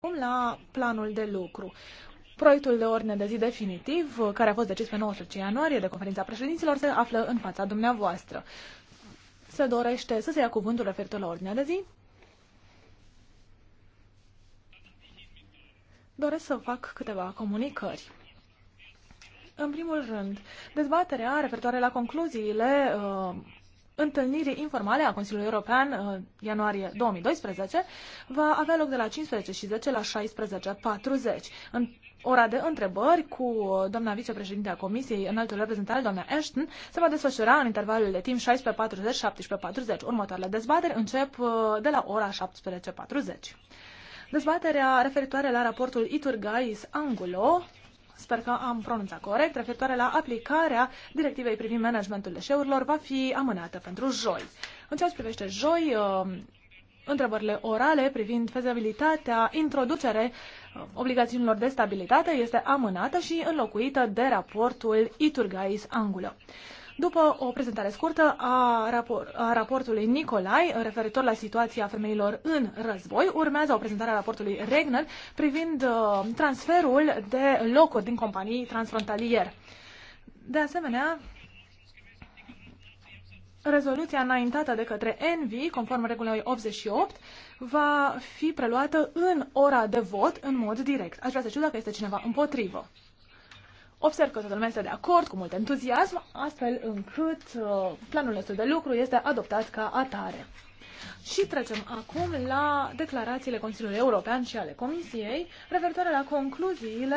Acum la planul de lucru. Proiectul de ordine de zi definitiv, uh, care a fost decis pe 19 ianuarie de conferința președinților, se află în fața dumneavoastră. Se dorește să se ia cuvântul referitor la ordinea de zi? Doresc să fac câteva comunicări. În primul rând, dezbaterea referitoare la concluziile uh, întâlnirii informale a Consiliului European uh, ianuarie 2012 va avea loc de la 15 și 10 la 16.40. În ora de întrebări cu uh, doamna vicepreședinte a Comisiei, înaltul reprezentant, doamna Ashton, se va desfășura în intervalul de timp 16.40-17.40. Următoarele dezbateri încep uh, de la ora 17.40. Dezbaterea referitoare la raportul Iturgais Angulo sper că am pronunțat corect, referitoare la aplicarea directivei privind managementul deșeurilor, va fi amânată pentru joi. În ceea ce privește joi, uh, întrebările orale privind fezabilitatea, introducere uh, obligațiunilor de stabilitate este amânată și înlocuită de raportul Iturgais Angulo după o prezentare scurtă a, rapor a raportului Nicolai uh, referitor la situația femeilor în război, urmează o prezentare a raportului Regner privind uh, transferul de locuri din companii transfrontalier. De asemenea, rezoluția înaintată de către Envi, conform regulii 88, va fi preluată în ora de vot în mod direct. Aș vrea să știu dacă este cineva împotrivă. Observ că toată lumea este de acord, cu mult entuziasm, astfel încât uh, planul nostru de lucru este adoptat ca atare. Și trecem acum la declarațiile Consiliului European și ale Comisiei referitoare la concluziile